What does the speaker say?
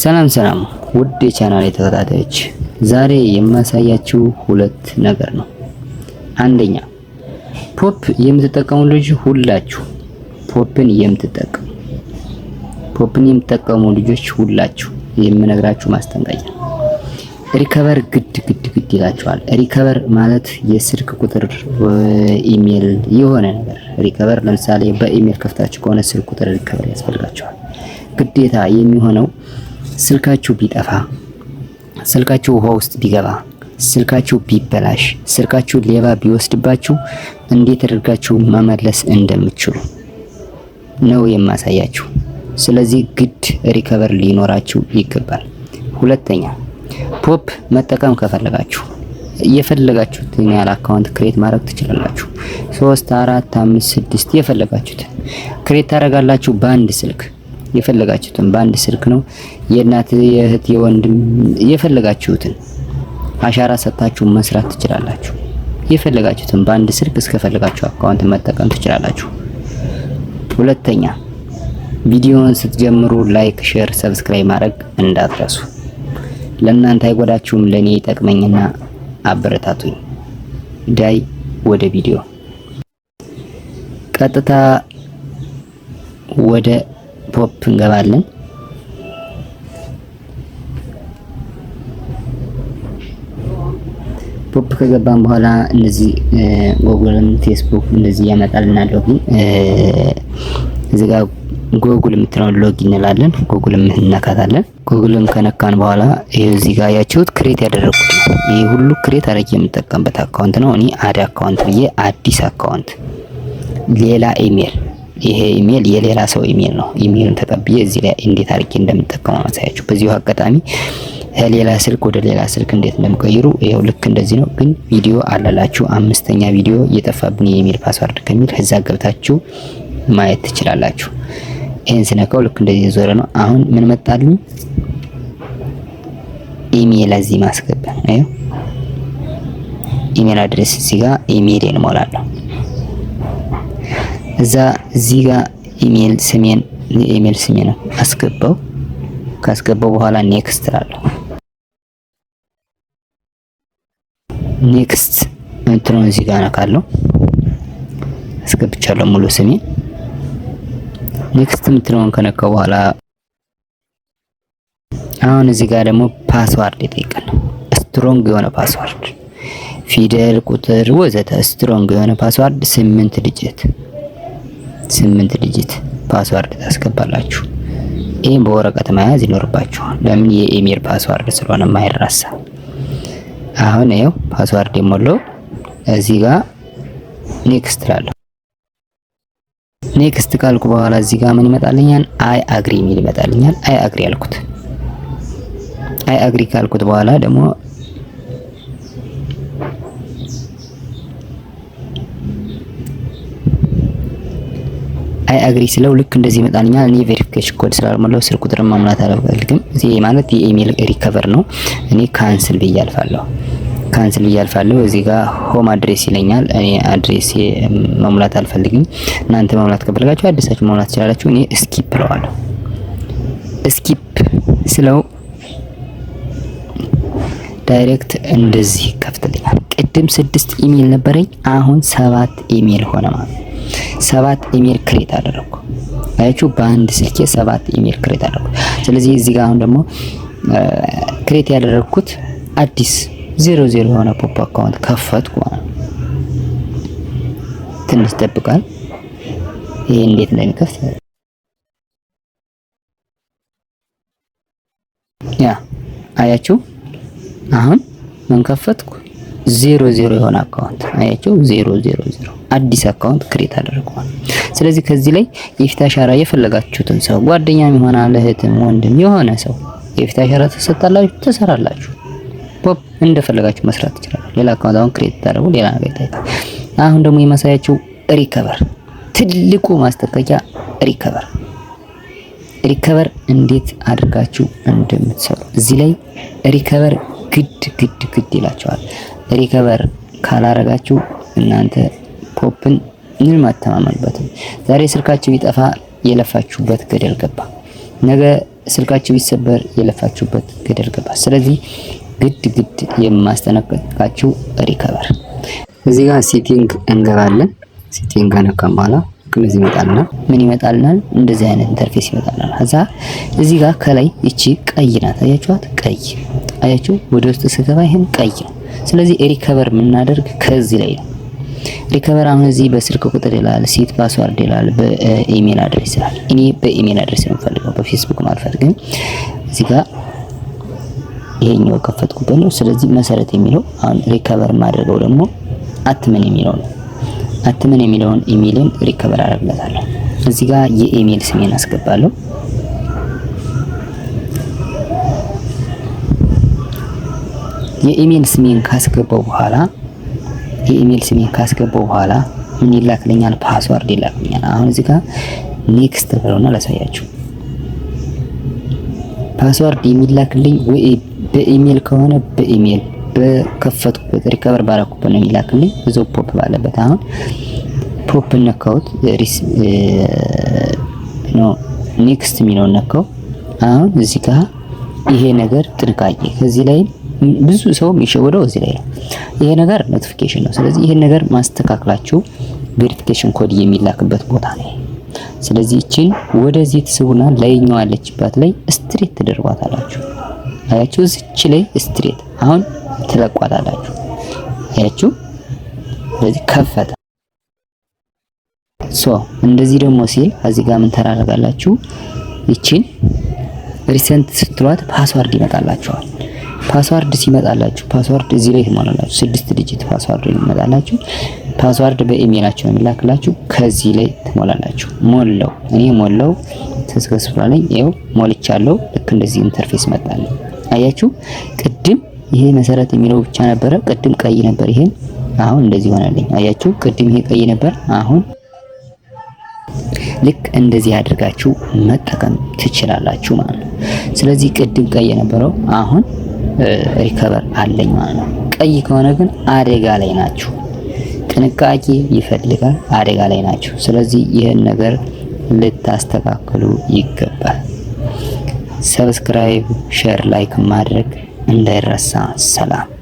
ሰላም ሰላም ውድ የቻናል ተከታታዮች ዛሬ የማሳያችው ሁለት ነገር ነው። አንደኛ ፖፕ የምትጠቀሙ ልጅ ሁላችሁ ፖፕን የምትጠቀሙ ፖፕን የምትጠቀሙ ልጆች ሁላችሁ የምነግራችሁ ማስጠንቀቂያ ሪከቨር ግድ ግድ ግድ ይላችኋል። ሪከቨር ማለት የስልክ ቁጥር ኢሜል የሆነ ነገር ሪከቨር፣ ለምሳሌ በኢሜል ከፍታችሁ ከሆነ ስልክ ቁጥር ሪከቨር ያስፈልጋችኋል። ግዴታ የሚሆነው ስልካችሁ ቢጠፋ፣ ስልካችሁ ውሃ ውስጥ ቢገባ፣ ስልካችሁ ቢበላሽ፣ ስልካችሁ ሌባ ቢወስድባችሁ እንዴት አድርጋችሁ መመለስ እንደምትችሉ ነው የማሳያችሁ። ስለዚህ ግድ ሪከቨር ሊኖራችሁ ይገባል። ሁለተኛ ፖፕ መጠቀም ከፈለጋችሁ የፈለጋችሁትን ያህል አካውንት ክሬት ማድረግ ትችላላችሁ። ሶስት አራት አምስት ስድስት የፈለጋችሁትን ክሬት ታደርጋላችሁ በአንድ ስልክ የፈለጋችሁትን በአንድ ስልክ ነው የእናት የእህት የወንድም የፈለጋችሁትን አሻራ ሰጥታችሁ መስራት ትችላላችሁ። የፈለጋችሁትን በአንድ ስልክ እስከፈለጋችሁ አካውንት መጠቀም ትችላላችሁ። ሁለተኛ ቪዲዮውን ስትጀምሩ ላይክ፣ ሼር፣ ሰብስክራይብ ማድረግ እንዳትረሱ። ለእናንተ አይጎዳችሁም፣ ለእኔ ይጠቅመኝና አበረታቱኝ። ዳይ ወደ ቪዲዮ ቀጥታ ወደ ፖፕ እንገባለን። ፖፕ ከገባን በኋላ እንደዚህ ጎግልም ፌስቡክ እንደዚህ ያመጣልና ሎጊን እዚህ ጋር ጎግል የምትለውን ሎጊን እንላለን። ጎግልም እንነካታለን። ጎግልም ከነካን በኋላ ይሄው እዚህ ጋር ያችሁት ክሬት ያደረኩት ነው። ይሄ ሁሉ ክሬት አድርጌ የምጠቀምበት አካውንት ነው። እኔ አድ አካውንት ብዬ አዲስ አካውንት ሌላ ኢሜል ይሄ ኢሜል የሌላ ሰው ኢሜል ነው። ኢሜሉን ተቀብዬ እዚህ ላይ እንዴት አድርጌ እንደምጠቀሙ አሳያችሁ። በዚሁ አጋጣሚ ከሌላ ስልክ ወደ ሌላ ስልክ እንዴት እንደምቀይሩ ይሄው ልክ እንደዚህ ነው። ግን ቪዲዮ አላላችሁ አምስተኛ ቪዲዮ እየጠፋብን የኢሜል ፓስዋርድ ከሚል ከዛ ገብታችሁ ማየት ትችላላችሁ። ይህን ስነካው ልክ እንደዚህ የዞረ ነው። አሁን ምን መጣሉ ኢሜል እዚህ ማስገብ ኢሜል አድሬስ እዚህ ጋር ኢሜል እንሞላለሁ። እዛ እዚህ ጋር ኢሜል ስሜን የኢሜል ስሜ አስገባው። ካስገባው በኋላ ኔክስት እላለሁ። ኔክስት እንትሮን እዚህ ጋር አስገብቻለሁ ሙሉ ስሜን። ኔክስት የምትለውን ከነካው በኋላ አሁን እዚህ ጋር ደግሞ ፓስዋርድ ይጠይቃል። ስትሮንግ የሆነ ፓስዋርድ ፊደል፣ ቁጥር፣ ወዘተ ስትሮንግ የሆነ ፓስዋርድ ስምንት ዲጂት ስምንት ዲጂት ፓስዋርድ ታስገባላችሁ። ይህም በወረቀት መያዝ ይኖርባችኋል። ለምን የኢሜል ፓስዋርድ ስለሆነ ማይረሳ። አሁን ይኸው ፓስዋርድ የሞላው እዚህ ጋር ኔክስት ላለሁ ኔክስት ካልኩ በኋላ እዚህ ጋር ምን ይመጣልኛል? አይ አግሪ የሚል ይመጣልኛል። አይ አግሪ አልኩት። አይ አግሪ ካልኩት በኋላ ደግሞ አይ አግሪ ስለው ልክ እንደዚህ ይመጣልኛል። እኔ ቬሪፊኬሽን ኮድ ስላልሞላው ስልክ ቁጥር ማሙላት አልፈልግም። እዚህ ማለት የኢሜል ሪከቨር ነው። እኔ ካንስል ብዬ አልፋለሁ። ካንስል ብዬ አልፋለሁ። እዚህ ጋር ሆም አድሬስ ይለኛል። እኔ አድሬስ መሙላት አልፈልግም። እናንተ መሙላት ከፈለጋችሁ አዲሳችሁ መሙላት ትችላላችሁ። እኔ ስኪፕ እለዋለሁ። ስኪፕ ስለው ዳይሬክት እንደዚህ ከፍትልኛል። ቅድም ስድስት ኢሜል ነበረኝ፣ አሁን ሰባት ኢሜል ሆነ ማለት ሰባት ኢሜል ክሬት አደረኩ። አያችሁ በአንድ ስልኬ ሰባት ኢሜል ክሬት አደረኩ። ስለዚህ እዚህ ጋር አሁን ደግሞ ክሬት ያደረኩት አዲስ ዜሮ ዜሮ የሆነ ፖፕ አካውንት ከፈትኩ። ትንሽ ጠብቃል ይሄ እንዴት እንደሚከፍት ያ አያችሁ አሁን መንከፈትኩ ዜሮ ዜሮ የሆነ አካውንት አያቸው። ዜሮ ዜሮ ዜሮ አዲስ አካውንት ክሬት አደረገዋል። ስለዚህ ከዚህ ላይ የፊት አሻራ የፈለጋችሁትን ሰው ጓደኛም ይሆናል እህትም ወንድም የሆነ ሰው የፊት አሻራ ተሰጣላችሁ፣ ትሰራላችሁ። ፖፕ እንደፈለጋችሁ መስራት ይችላል። ሌላ አካውንት አሁን ክሬት ታደርጉ ሌላ ነገር ታይ። አሁን ደግሞ የማሳያችሁ ሪከቨር፣ ትልቁ ማስጠንቀቂያ ሪከቨር ሪከቨር እንዴት አድርጋችሁ እንደምትሰሩ እዚህ ላይ ሪከቨር ግድ ግድ ግድ ይላቸዋል። ሪከቨር ካላረጋችሁ እናንተ ፖፕን ምንም አተማመኑበትም። ዛሬ ስልካችሁ ይጠፋ፣ የለፋችሁበት ገደል ገባ። ነገ ስልካችሁ ይሰበር፣ የለፋችሁበት ገደል ገባ። ስለዚህ ግድ ግድ የማስጠነቅቃችሁ ሪከቨር። እዚህ ጋር ሴቲንግ እንገባለን። ሴቲንግ ከነካን በኋላ እዚህ ይመጣልና ምን ይመጣልናል? እንደዚህ አይነት ኢንተርፌስ ይመጣልናል። ከዛ እዚህ ጋር ከላይ እቺ ቀይ ናት፣ አያችኋት? ቀይ አያችሁ? ወደ ውስጥ ስገባ ይሄም ቀይ ነው። ስለዚህ ሪከቨር የምናደርግ ከዚህ ላይ ነው። ሪከቨር አሁን እዚህ በስልክ ቁጥር ይላል፣ ሲት ፓስዋርድ ይላል፣ በኢሜል አድሬስ ይላል። እኔ በኢሜል አድሬስ ነው የምፈልገው፣ በፌስቡክ ማልፈት ግን እዚህ ጋር ይሄኛው ከፈትኩበት ነው። ስለዚህ መሰረት የሚለው አሁን ሪከቨር ማድረገው ደግሞ አትመን የሚለው ነው። አትመን የሚለውን ኢሜልን ሪከቨር አደርግለታለሁ። እዚህ ጋር የኢሜል ስሜን አስገባለሁ። የኢሜል ስሜን ካስገባው በኋላ የኢሜል ስሜን ካስገባው በኋላ ምን ይላክልኛል? ፓስዋርድ ይላክልኛል። አሁን እዚህ ጋር ኔክስት ብለውና ላሳያችሁ። ፓስዋርድ የሚላክልኝ ወይ በኢሜል ከሆነ በኢሜል በከፈትኩበት ሪከቨር ባረኩበት ነው የሚላክልኝ። እዛው ፖፕ ባለበት አሁን ፖፕ ነካሁት። ሪስ ነው ኔክስት የሚለውን ነካው። አሁን እዚህ ጋር ይሄ ነገር ጥንቃቄ ከዚህ ላይ ብዙ ሰው የሚሸወደው እዚህ ላይ ነው። ይሄ ነገር ኖቲፊኬሽን ነው። ስለዚህ ይሄን ነገር ማስተካከላችሁ ቬሪፊኬሽን ኮድ የሚላክበት ቦታ ነው። ስለዚህ እቺን ወደዚህ ትስቡና ላይኛው ያለችባት ላይ ስትሬት ትደርባታላችሁ። አያችሁ፣ እዚች ላይ ስትሬት አሁን ትለቋታላችሁ። አያችሁ፣ ስለዚህ ከፈተ። ሶ እንደዚህ ደግሞ ሲል እዚህ ጋር ምን ተራረጋላችሁ? ይችን ሪሰንት ስትሏት ፓስዋርድ ይመጣላችኋል። ፓስዋርድ ሲመጣላችሁ ፓስዋርድ እዚህ ላይ ትሞላላችሁ። ስድስት ዲጂት ፓስዋርድ ይመጣላችሁ። ፓስዋርድ በኢሜይላችሁ የሚላክላችሁ ከዚህ ላይ ትሞላላችሁ። ሞላው እኔ ሞላው ተስከስፍራ ላይ ይኸው ሞልቻለሁ። ልክ እንደዚህ ኢንተርፌስ መጣለ። አያችሁ ቅድም ይሄ መሰረት የሚለው ብቻ ነበረ። ቅድም ቀይ ነበር፣ ይሄን አሁን እንደዚህ ሆነልኝ። አያችሁ ቅድም ይሄ ቀይ ነበር፣ አሁን ልክ እንደዚህ አድርጋችሁ መጠቀም ትችላላችሁ ማለት ነው። ስለዚህ ቅድም ቀይ የነበረው አሁን ሪከቨር አለኝ ማለት ነው። ቀይ ከሆነ ግን አደጋ ላይ ናችሁ። ጥንቃቄ ይፈልጋል። አደጋ ላይ ናችሁ። ስለዚህ ይህን ነገር ልታስተካክሉ ይገባል። ሰብስክራይብ፣ ሼር፣ ላይክ ማድረግ እንዳይረሳ። ሰላም